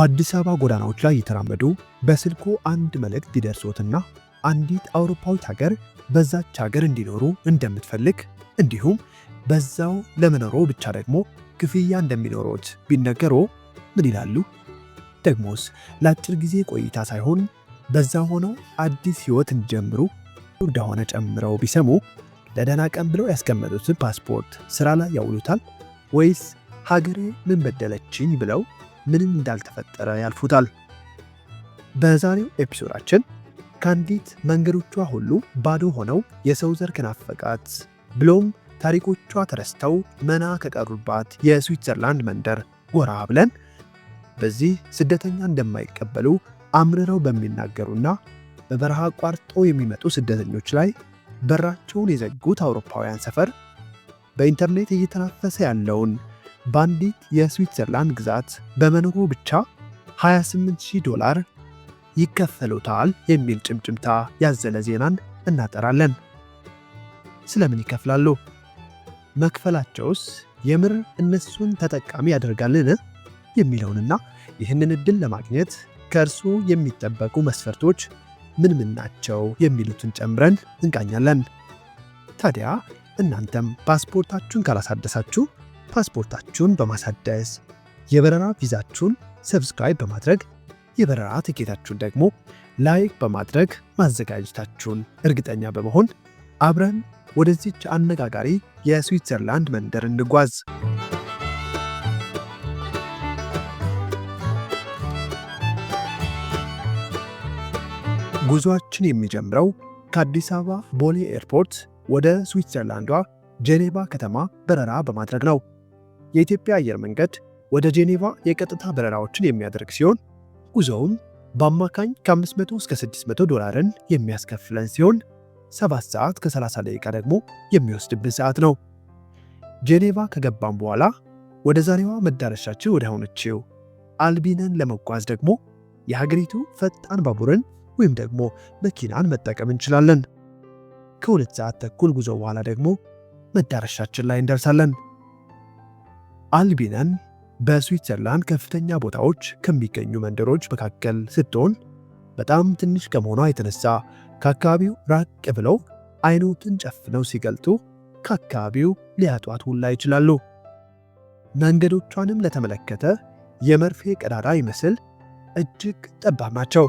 በአዲስ አበባ ጎዳናዎች ላይ እየተራመዱ በስልኮ አንድ መልእክት ይደርሶትና አንዲት አውሮፓዊት ሀገር በዛች ሀገር እንዲኖሩ እንደምትፈልግ እንዲሁም በዛው ለመኖሮ ብቻ ደግሞ ክፍያ እንደሚኖሮት ቢነገሮ ምን ይላሉ? ደግሞስ ለአጭር ጊዜ ቆይታ ሳይሆን በዛ ሆነው አዲስ ህይወት እንዲጀምሩ እንደሆነ ጨምረው ቢሰሙ ለደህና ቀን ብለው ያስቀመጡትን ፓስፖርት ስራ ላይ ያውሉታል ወይስ ሀገሬ ምን በደለችኝ ብለው ምንም እንዳልተፈጠረ ያልፉታል። በዛሬው ኤፒሶዳችን ከአንዲት መንገዶቿ ሁሉ ባዶ ሆነው የሰው ዘር ከናፈቃት ብሎም ታሪኮቿ ተረስተው መና ከቀሩባት የስዊትዘርላንድ መንደር ጎራ ብለን በዚህ ስደተኛ እንደማይቀበሉ አምርረው በሚናገሩና በበረሃ አቋርጦ የሚመጡ ስደተኞች ላይ በራቸውን የዘጉት አውሮፓውያን ሰፈር በኢንተርኔት እየተናፈሰ ያለውን በአንዲት የስዊትዘርላንድ ግዛት በመኖሩ ብቻ 28000 ዶላር ይከፈሉታል የሚል ጭምጭምታ ያዘለ ዜናን እናጠራለን። ስለምን ይከፍላሉ? መክፈላቸውስ የምር እነሱን ተጠቃሚ ያደርጋልን? የሚለውንና ይህንን እድል ለማግኘት ከእርሱ የሚጠበቁ መስፈርቶች ምን ምን ናቸው የሚሉትን ጨምረን እንቃኛለን። ታዲያ እናንተም ፓስፖርታችሁን ካላሳደሳችሁ ፓስፖርታችሁን በማሳደስ የበረራ ቪዛችሁን ሰብስክራይብ በማድረግ የበረራ ትኬታችሁን ደግሞ ላይክ በማድረግ ማዘጋጀታችሁን እርግጠኛ በመሆን አብረን ወደዚች አነጋጋሪ የስዊትዘርላንድ መንደር እንጓዝ። ጉዞአችን የሚጀምረው ከአዲስ አበባ ቦሌ ኤርፖርት ወደ ስዊትዘርላንዷ ጄኔቫ ከተማ በረራ በማድረግ ነው። የኢትዮጵያ አየር መንገድ ወደ ጄኔቫ የቀጥታ በረራዎችን የሚያደርግ ሲሆን ጉዞውም በአማካኝ ከ500 እስከ 600 ዶላርን የሚያስከፍለን ሲሆን 7 ሰዓት ከ30 ደቂቃ ደግሞ የሚወስድብን ሰዓት ነው። ጄኔቫ ከገባም በኋላ ወደ ዛሬዋ መዳረሻችን ወደ ሆነችው አልቢነን ለመጓዝ ደግሞ የሀገሪቱ ፈጣን ባቡርን ወይም ደግሞ መኪናን መጠቀም እንችላለን። ከሁለት ሰዓት ተኩል ጉዞ በኋላ ደግሞ መዳረሻችን ላይ እንደርሳለን። አልቢነን በስዊትዘርላንድ ከፍተኛ ቦታዎች ከሚገኙ መንደሮች መካከል ስትሆን በጣም ትንሽ ከመሆኗ የተነሳ ከአካባቢው ራቅ ብለው አይኖትን ጨፍነው ሲገልጡ ከአካባቢው ሊያጧት ሁላ ይችላሉ። መንገዶቿንም ለተመለከተ የመርፌ ቀዳዳ ይመስል እጅግ ጠባብ ናቸው።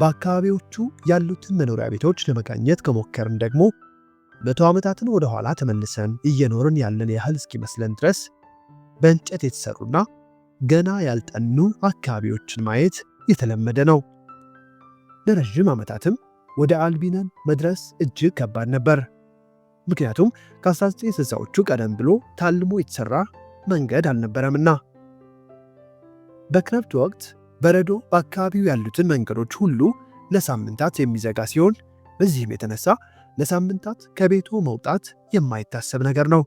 በአካባቢዎቹ ያሉትን መኖሪያ ቤቶች ለመቃኘት ከሞከርን ደግሞ መቶ ዓመታትን ወደ ኋላ ተመልሰን እየኖርን ያለን ያህል እስኪመስለን ድረስ በእንጨት የተሰሩና ገና ያልጠኑ አካባቢዎችን ማየት የተለመደ ነው። ለረዥም ዓመታትም ወደ አልቢነን መድረስ እጅግ ከባድ ነበር። ምክንያቱም ከ1960ዎቹ ቀደም ብሎ ታልሞ የተሰራ መንገድ አልነበረምና። በክረምት ወቅት በረዶ በአካባቢው ያሉትን መንገዶች ሁሉ ለሳምንታት የሚዘጋ ሲሆን በዚህም የተነሳ ለሳምንታት ከቤቱ መውጣት የማይታሰብ ነገር ነው።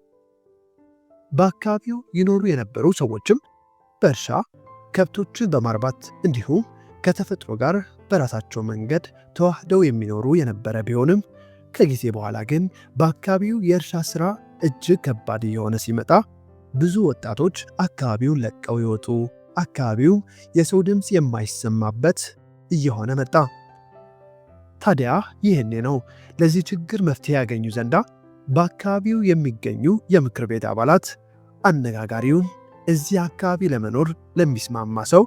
በአካባቢው ይኖሩ የነበሩ ሰዎችም በእርሻ ከብቶችን በማርባት እንዲሁም ከተፈጥሮ ጋር በራሳቸው መንገድ ተዋህደው የሚኖሩ የነበረ ቢሆንም ከጊዜ በኋላ ግን በአካባቢው የእርሻ ሥራ እጅግ ከባድ እየሆነ ሲመጣ ብዙ ወጣቶች አካባቢውን ለቀው ይወጡ፣ አካባቢው የሰው ድምፅ የማይሰማበት እየሆነ መጣ። ታዲያ ይህኔ ነው ለዚህ ችግር መፍትሄ ያገኙ ዘንዳ በአካባቢው የሚገኙ የምክር ቤት አባላት አነጋጋሪውን እዚህ አካባቢ ለመኖር ለሚስማማ ሰው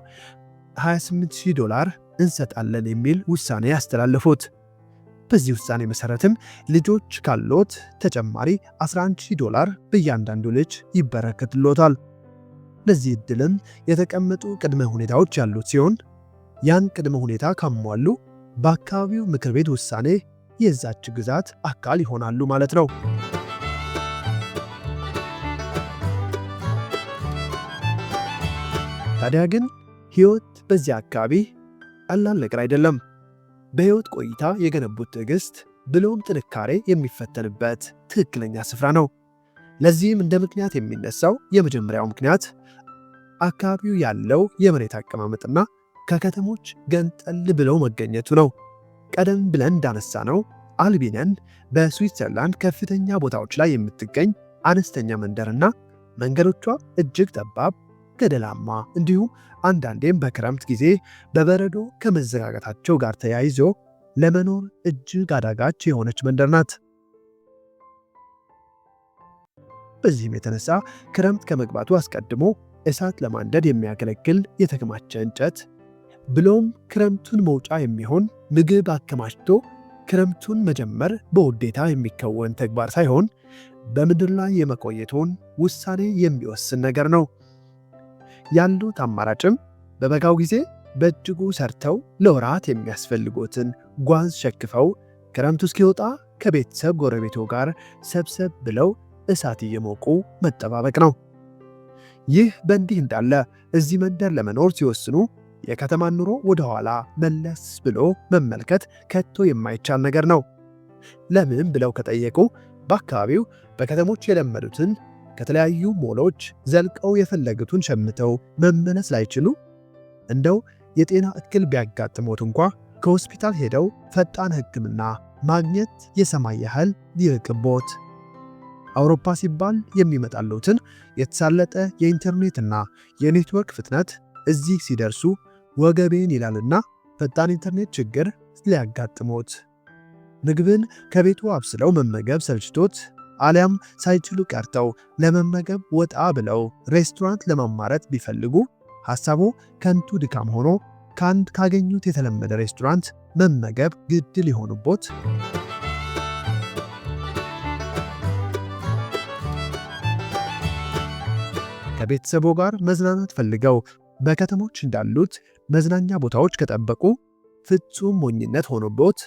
28000 ዶላር እንሰጣለን የሚል ውሳኔ ያስተላለፉት። በዚህ ውሳኔ መሰረትም ልጆች ካሎት ተጨማሪ 11000 ዶላር በእያንዳንዱ ልጅ ይበረከትሎታል። ለዚህ እድልም የተቀመጡ ቅድመ ሁኔታዎች ያሉት ሲሆን ያን ቅድመ ሁኔታ ካሟሉ በአካባቢው ምክር ቤት ውሳኔ የዛች ግዛት አካል ይሆናሉ ማለት ነው። ታዲያ ግን ሕይወት በዚያ አካባቢ ቀላል ነገር አይደለም። በሕይወት ቆይታ የገነቡት ትዕግሥት ብሎም ጥንካሬ የሚፈተንበት ትክክለኛ ስፍራ ነው። ለዚህም እንደ ምክንያት የሚነሳው የመጀመሪያው ምክንያት አካባቢው ያለው የመሬት አቀማመጥና ከከተሞች ገንጠል ብለው መገኘቱ ነው። ቀደም ብለን እንዳነሳ ነው አልቢነን በስዊትዘርላንድ ከፍተኛ ቦታዎች ላይ የምትገኝ አነስተኛ መንደርና መንገዶቿ እጅግ ጠባብ ገደላማ እንዲሁም አንዳንዴም በክረምት ጊዜ በበረዶ ከመዘጋጋታቸው ጋር ተያይዞ ለመኖር እጅግ አዳጋች የሆነች መንደር ናት። በዚህም የተነሳ ክረምት ከመግባቱ አስቀድሞ እሳት ለማንደድ የሚያገለግል የተከማቸ እንጨት ብሎም ክረምቱን መውጫ የሚሆን ምግብ አከማችቶ ክረምቱን መጀመር በውዴታ የሚከወን ተግባር ሳይሆን በምድር ላይ የመቆየቱን ውሳኔ የሚወስን ነገር ነው። ያሉት አማራጭም በበጋው ጊዜ በእጅጉ ሰርተው ለወራት የሚያስፈልጎትን ጓዝ ሸክፈው ክረምቱ እስኪወጣ ከቤተሰብ ጎረቤቶ ጋር ሰብሰብ ብለው እሳት እየሞቁ መጠባበቅ ነው። ይህ በእንዲህ እንዳለ እዚህ መንደር ለመኖር ሲወስኑ የከተማን ኑሮ ወደ ኋላ መለስ ብሎ መመልከት ከቶ የማይቻል ነገር ነው። ለምን ብለው ከጠየቁ በአካባቢው በከተሞች የለመዱትን ከተለያዩ ሞሎች ዘልቀው የፈለጉትን ሸምተው መመለስ ላይችሉ እንደው የጤና እክል ቢያጋጥሞት እንኳ ከሆስፒታል ሄደው ፈጣን ሕክምና ማግኘት የሰማይ ያህል ይርቅቦት አውሮፓ ሲባል የሚመጣሉትን የተሳለጠ የኢንተርኔትና የኔትወርክ ፍጥነት እዚህ ሲደርሱ ወገቤን ይላልና ፈጣን ኢንተርኔት ችግር ሊያጋጥሞት ምግብን ከቤቱ አብስለው መመገብ ሰልችቶት አሊያም ሳይችሉ ቀርተው ለመመገብ ወጣ ብለው ሬስቶራንት ለማማረት ቢፈልጉ ሐሳቡ ከንቱ ድካም ሆኖ ከአንድ ካገኙት የተለመደ ሬስቶራንት መመገብ ግድ ሊሆኑቦት ከቤተሰቦ ጋር መዝናናት ፈልገው በከተሞች እንዳሉት መዝናኛ ቦታዎች ከጠበቁ ፍጹም ሞኝነት ሆኖቦት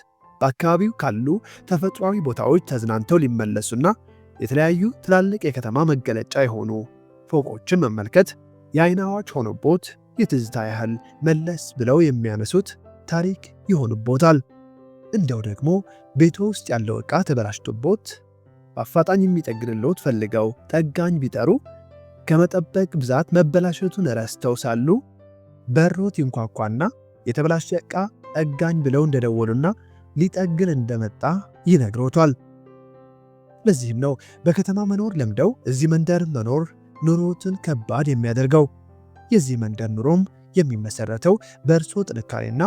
በአካባቢው ካሉ ተፈጥሯዊ ቦታዎች ተዝናንተው ሊመለሱና የተለያዩ ትላልቅ የከተማ መገለጫ የሆኑ ፎቆችን መመልከት የአይን አዋጅ ሆኖቦት የትዝታ ያህል መለስ ብለው የሚያነሱት ታሪክ ይሆንቦታል። እንደው ደግሞ ቤቶ ውስጥ ያለው ዕቃ ተበላሽቶቦት በአፋጣኝ የሚጠግንልዎት ፈልገው ጠጋኝ ቢጠሩ ከመጠበቅ ብዛት መበላሸቱን ረስተው ሳሉ በሮት ይንኳኳና የተበላሸ ዕቃ ጠጋኝ ብለው እንደደወሉና ሊጠግን እንደመጣ ይነግሮቷል። ለዚህም ነው በከተማ መኖር ለምደው እዚህ መንደር መኖር ኑሮትን ከባድ የሚያደርገው። የዚህ መንደር ኑሮም የሚመሰረተው በእርሶ ጥንካሬና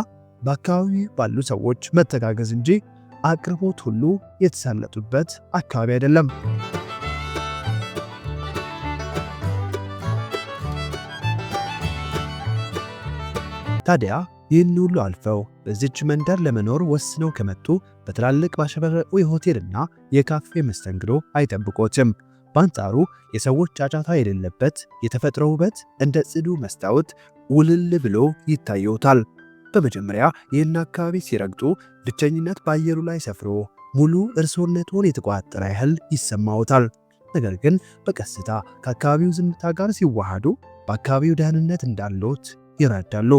በአካባቢ ባሉ ሰዎች መተጋገዝ እንጂ አቅርቦት ሁሉ የተሳለጡበት አካባቢ አይደለም። ታዲያ ይህን ሁሉ አልፈው በዚች መንደር ለመኖር ወስነው ከመጡ በትላልቅ ባሸበረቁ የሆቴልና የካፌ መስተንግዶ አይጠብቆትም። በአንጻሩ የሰዎች ጫጫታ የሌለበት የተፈጥሮ ውበት እንደ ጽዱ መስታወት ውልል ብሎ ይታየውታል። በመጀመሪያ ይህን አካባቢ ሲረግጡ ብቸኝነት በአየሩ ላይ ሰፍሮ ሙሉ እርሶነቱን የተቋጠረ ያህል ይሰማዎታል። ነገር ግን በቀስታ ከአካባቢው ዝምታ ጋር ሲዋሃዱ በአካባቢው ደህንነት እንዳለዎት ይረዳሉ።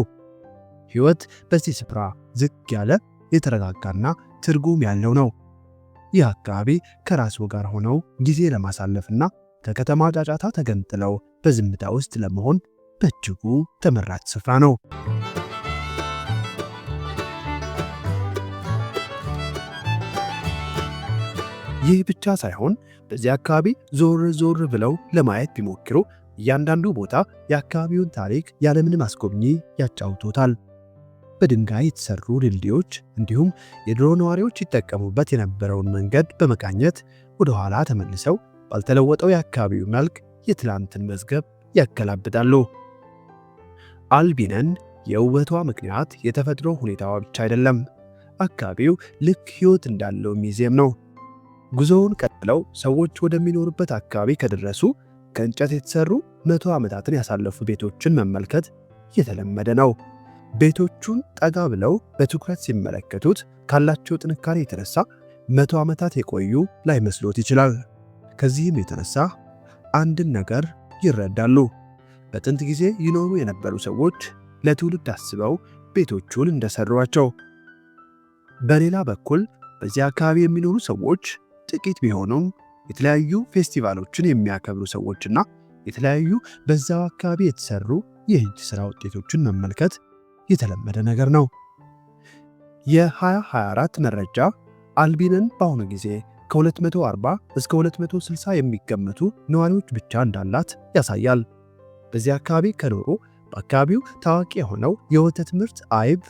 ሕይወት በዚህ ስፍራ ዝቅ ያለ የተረጋጋና ትርጉም ያለው ነው። ይህ አካባቢ ከራስዎ ጋር ሆነው ጊዜ ለማሳለፍና ከከተማ ጫጫታ ተገንጥለው በዝምታ ውስጥ ለመሆን በእጅጉ ተመራጭ ስፍራ ነው። ይህ ብቻ ሳይሆን በዚህ አካባቢ ዞር ዞር ብለው ለማየት ቢሞክሩ እያንዳንዱ ቦታ የአካባቢውን ታሪክ ያለምንም አስጎብኚ ያጫውቶታል። በድንጋይ የተሰሩ ድልድዮች እንዲሁም የድሮ ነዋሪዎች ይጠቀሙበት የነበረውን መንገድ በመቃኘት ወደ ኋላ ተመልሰው ባልተለወጠው የአካባቢው መልክ የትላንትን መዝገብ ያገላብጣሉ። አልቢነን የውበቷ ምክንያት የተፈጥሮ ሁኔታዋ ብቻ አይደለም። አካባቢው ልክ ሕይወት እንዳለው ሚዚየም ነው። ጉዞውን ቀጥለው ሰዎች ወደሚኖሩበት አካባቢ ከደረሱ ከእንጨት የተሰሩ መቶ ዓመታትን ያሳለፉ ቤቶችን መመልከት የተለመደ ነው። ቤቶቹን ጠጋ ብለው በትኩረት ሲመለከቱት ካላቸው ጥንካሬ የተነሳ መቶ ዓመታት የቆዩ ላይመስሎት ይችላል። ከዚህም የተነሳ አንድን ነገር ይረዳሉ። በጥንት ጊዜ ይኖሩ የነበሩ ሰዎች ለትውልድ አስበው ቤቶቹን እንደሰሯቸው። በሌላ በኩል በዚህ አካባቢ የሚኖሩ ሰዎች ጥቂት ቢሆኑም የተለያዩ ፌስቲቫሎችን የሚያከብሩ ሰዎችና የተለያዩ በዛው አካባቢ የተሰሩ የእጅ ስራ ውጤቶችን መመልከት የተለመደ ነገር ነው። የ2024 መረጃ አልቢንን በአሁኑ ጊዜ ከ240 እስከ 260 የሚገመቱ ነዋሪዎች ብቻ እንዳላት ያሳያል። በዚህ አካባቢ ከኖሩ በአካባቢው ታዋቂ የሆነው የወተት ምርት አይብ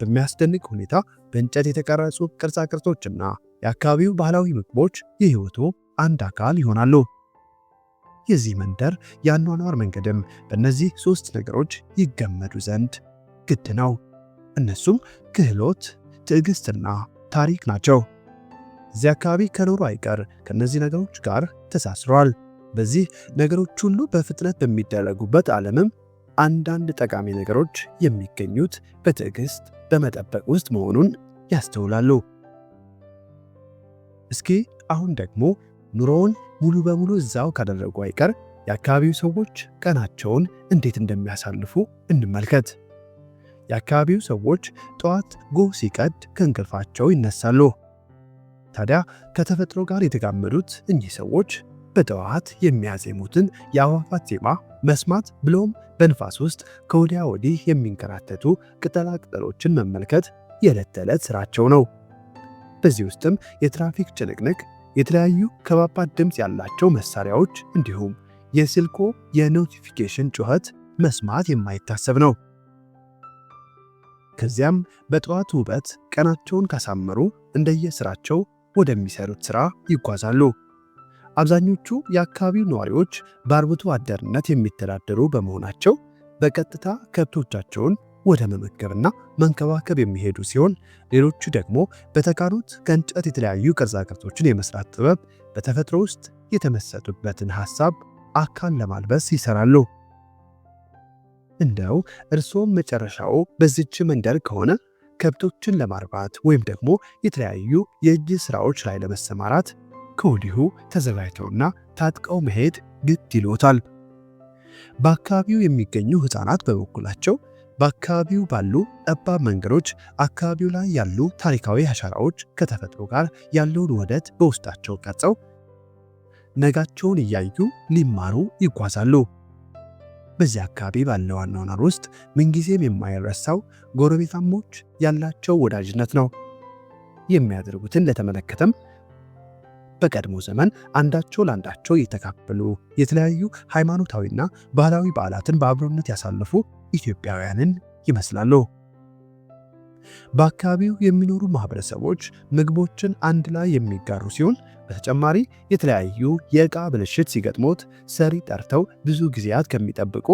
በሚያስደንቅ ሁኔታ በእንጨት የተቀረጹ ቅርጻ ቅርጾችና የአካባቢው ባህላዊ ምግቦች የህይወቱ አንድ አካል ይሆናሉ። የዚህ መንደር የአኗኗር መንገድም በእነዚህ ሦስት ነገሮች ይገመዱ ዘንድ ግድ ነው። እነሱም ክህሎት፣ ትዕግስትና ታሪክ ናቸው። እዚህ አካባቢ ከኖሩ አይቀር ከእነዚህ ነገሮች ጋር ተሳስረዋል። በዚህ ነገሮች ሁሉ በፍጥነት በሚደረጉበት ዓለምም አንዳንድ ጠቃሚ ነገሮች የሚገኙት በትዕግስት በመጠበቅ ውስጥ መሆኑን ያስተውላሉ። እስኪ አሁን ደግሞ ኑሮውን ሙሉ በሙሉ እዛው ካደረጉ አይቀር የአካባቢው ሰዎች ቀናቸውን እንዴት እንደሚያሳልፉ እንመልከት። የአካባቢው ሰዎች ጠዋት ጎህ ሲቀድ ከእንቅልፋቸው ይነሳሉ። ታዲያ ከተፈጥሮ ጋር የተጋመዱት እኚህ ሰዎች በጠዋት የሚያዜሙትን የአዕዋፋት ዜማ መስማት ብሎም በንፋስ ውስጥ ከወዲያ ወዲህ የሚንከራተቱ ቅጠላቅጠሎችን መመልከት የዕለት ተዕለት ሥራቸው ነው። በዚህ ውስጥም የትራፊክ ጭንቅንቅ፣ የተለያዩ ከባባድ ድምፅ ያላቸው መሳሪያዎች እንዲሁም የስልኮ የኖቲፊኬሽን ጩኸት መስማት የማይታሰብ ነው። ከዚያም በጠዋት ውበት ቀናቸውን ካሳመሩ እንደየስራቸው ወደሚሰሩት ስራ ይጓዛሉ። አብዛኞቹ የአካባቢው ነዋሪዎች በአርብቶ አደርነት የሚተዳደሩ በመሆናቸው በቀጥታ ከብቶቻቸውን ወደ መመገብና መንከባከብ የሚሄዱ ሲሆን ሌሎቹ ደግሞ በተካኑት ከእንጨት የተለያዩ ቅርጻቅርጾችን የመስራት ጥበብ በተፈጥሮ ውስጥ የተመሰጡበትን ሐሳብ አካል ለማልበስ ይሰራሉ። እንደው እርሶም መጨረሻው በዚች መንደር ከሆነ ከብቶችን ለማርባት ወይም ደግሞ የተለያዩ የእጅ ሥራዎች ላይ ለመሰማራት ከወዲሁ ተዘጋጅተውና ታጥቀው መሄድ ግድ ይሎታል። በአካባቢው የሚገኙ ሕፃናት በበኩላቸው በአካባቢው ባሉ ጠባብ መንገዶች አካባቢው ላይ ያሉ ታሪካዊ አሻራዎች ከተፈጥሮ ጋር ያለውን ውህደት በውስጣቸው ቀርጸው ነጋቸውን እያዩ ሊማሩ ይጓዛሉ። በዚህ አካባቢ ባለው ዋና ውስጥ ምንጊዜም የማይረሳው ጎረቤታሞች ያላቸው ወዳጅነት ነው። የሚያደርጉትን ለተመለከተም በቀድሞ ዘመን አንዳቸው ለአንዳቸው የተካፈሉ የተለያዩ ሃይማኖታዊና ባህላዊ በዓላትን በአብሮነት ያሳለፉ ኢትዮጵያውያንን ይመስላሉ። በአካባቢው የሚኖሩ ማህበረሰቦች ምግቦችን አንድ ላይ የሚጋሩ ሲሆን በተጨማሪ የተለያዩ የእቃ ብልሽት ሲገጥሞት ሰሪ ጠርተው ብዙ ጊዜያት ከሚጠብቁ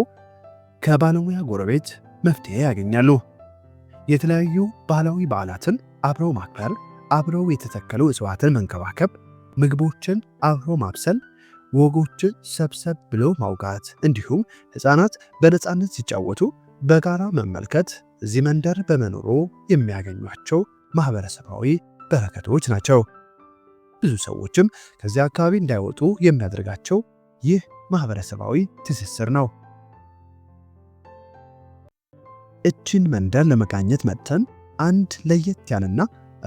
ከባለሙያ ጎረቤት መፍትሄ ያገኛሉ። የተለያዩ ባህላዊ በዓላትን አብረው ማክበር፣ አብረው የተተከሉ እጽዋትን መንከባከብ፣ ምግቦችን አብሮ ማብሰል፣ ወጎችን ሰብሰብ ብሎ ማውጋት እንዲሁም ሕፃናት በነፃነት ሲጫወቱ በጋራ መመልከት እዚህ መንደር በመኖሩ የሚያገኟቸው ማህበረሰባዊ በረከቶች ናቸው። ብዙ ሰዎችም ከዚያ አካባቢ እንዳይወጡ የሚያደርጋቸው ይህ ማህበረሰባዊ ትስስር ነው። እችን መንደር ለመቃኘት መጥተን አንድ ለየት ያለና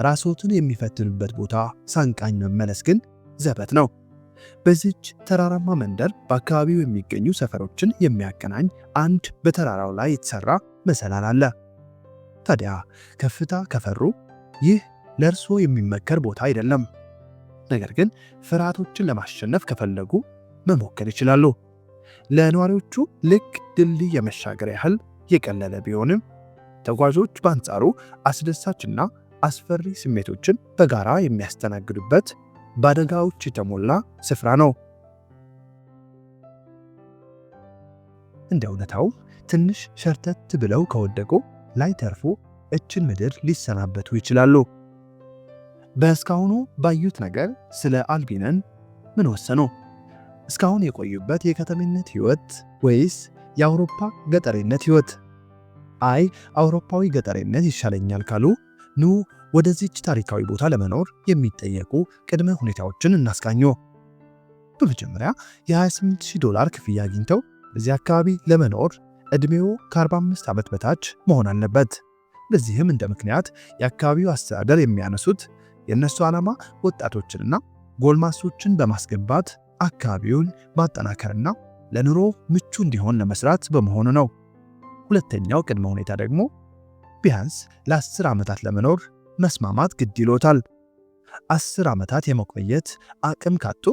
ራስዎትን የሚፈትኑበት ቦታ ሳንቃኝ መመለስ ግን ዘበት ነው። በዚች ተራራማ መንደር በአካባቢው የሚገኙ ሰፈሮችን የሚያገናኝ አንድ በተራራው ላይ የተሰራ መሰላል አለ። ታዲያ ከፍታ ከፈሩ ይህ ለእርስዎ የሚመከር ቦታ አይደለም። ነገር ግን ፍርሃቶችን ለማሸነፍ ከፈለጉ መሞከር ይችላሉ። ለነዋሪዎቹ ልክ ድልድይ የመሻገር ያህል የቀለለ ቢሆንም ተጓዦች በአንጻሩ አስደሳችና አስፈሪ ስሜቶችን በጋራ የሚያስተናግዱበት በአደጋዎች የተሞላ ስፍራ ነው። እንደ እውነታው ትንሽ ሸርተት ብለው ከወደቁ ላይ ተርፎ እችን ምድር ሊሰናበቱ ይችላሉ። በእስካሁኑ ባዩት ነገር ስለ አልቢነን ምን ወሰኑ? እስካሁን የቆዩበት የከተሜነት ህይወት ወይስ የአውሮፓ ገጠሬነት ህይወት? አይ አውሮፓዊ ገጠሬነት ይሻለኛል ካሉ ኑ ወደዚች ታሪካዊ ቦታ ለመኖር የሚጠየቁ ቅድመ ሁኔታዎችን እናስቃኙ። በመጀመሪያ የ28000 ዶላር ክፍያ አግኝተው በዚህ አካባቢ ለመኖር እድሜው ከ45 ዓመት በታች መሆን አለበት። ለዚህም እንደ ምክንያት የአካባቢው አስተዳደር የሚያነሱት የእነሱ ዓላማ ወጣቶችንና ጎልማሶችን በማስገባት አካባቢውን ማጠናከርና ለኑሮ ምቹ እንዲሆን ለመስራት በመሆኑ ነው። ሁለተኛው ቅድመ ሁኔታ ደግሞ ቢያንስ ለአስር ዓመታት ለመኖር መስማማት ግድ ይሎታል። አስር ዓመታት የመቆየት አቅም ካጡ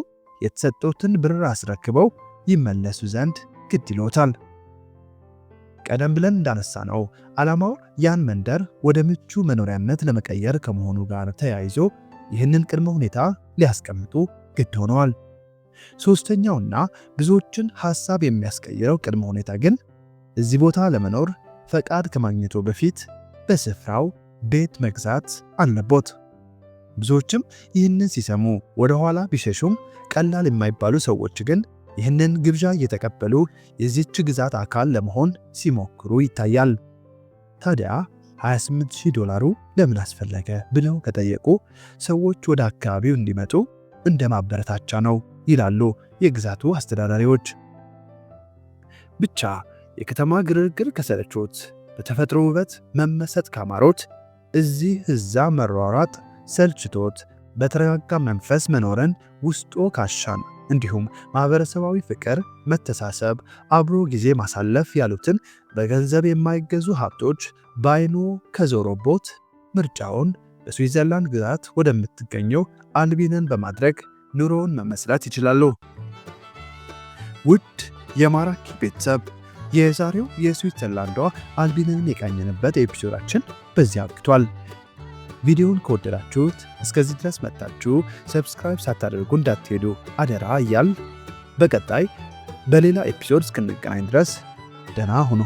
የተሰጡትን ብር አስረክበው ይመለሱ ዘንድ ግድ ይሎታል። ቀደም ብለን እንዳነሳ ነው ዓላማው ያን መንደር ወደ ምቹ መኖሪያነት ለመቀየር ከመሆኑ ጋር ተያይዞ ይህንን ቅድመ ሁኔታ ሊያስቀምጡ ግድ ሆነዋል። ሶስተኛውና ብዙዎችን ሐሳብ የሚያስቀይረው ቅድመ ሁኔታ ግን እዚህ ቦታ ለመኖር ፈቃድ ከማግኘቱ በፊት በስፍራው ቤት መግዛት አለቦት። ብዙዎችም ይህንን ሲሰሙ ወደ ኋላ ቢሸሹም ቀላል የማይባሉ ሰዎች ግን ይህንን ግብዣ እየተቀበሉ የዚች ግዛት አካል ለመሆን ሲሞክሩ ይታያል። ታዲያ 28000 ዶላሩ ለምን አስፈለገ ብለው ከጠየቁ ሰዎች ወደ አካባቢው እንዲመጡ እንደ ማበረታቻ ነው ይላሉ የግዛቱ አስተዳዳሪዎች። ብቻ የከተማ ግርግር ከሰለቾት፣ በተፈጥሮ ውበት መመሰጥ ካማሮት፣ እዚህ እዛ መሯሯጥ ሰልችቶት በተረጋጋ መንፈስ መኖረን ውስጦ ካሻን እንዲሁም ማህበረሰባዊ ፍቅር፣ መተሳሰብ፣ አብሮ ጊዜ ማሳለፍ ያሉትን በገንዘብ የማይገዙ ሀብቶች በአይኑ ከዞሮቦት ምርጫውን በስዊዘርላንድ ግዛት ወደምትገኘው አልቢንን በማድረግ ኑሮውን መመስረት ይችላሉ። ውድ የማራኪ ቤተሰብ የዛሬው የስዊዘርላንዷ አልቢንን የቃኘንበት ኤፒሶዳችን በዚህ አብቅቷል። ቪዲዮውን ከወደዳችሁት እስከዚህ ድረስ መጣችሁ ሰብስክራይብ ሳታደርጉ እንዳትሄዱ አደራ እያል በቀጣይ በሌላ ኤፒሶድ እስክንገናኝ ድረስ ደህና ሁኑ።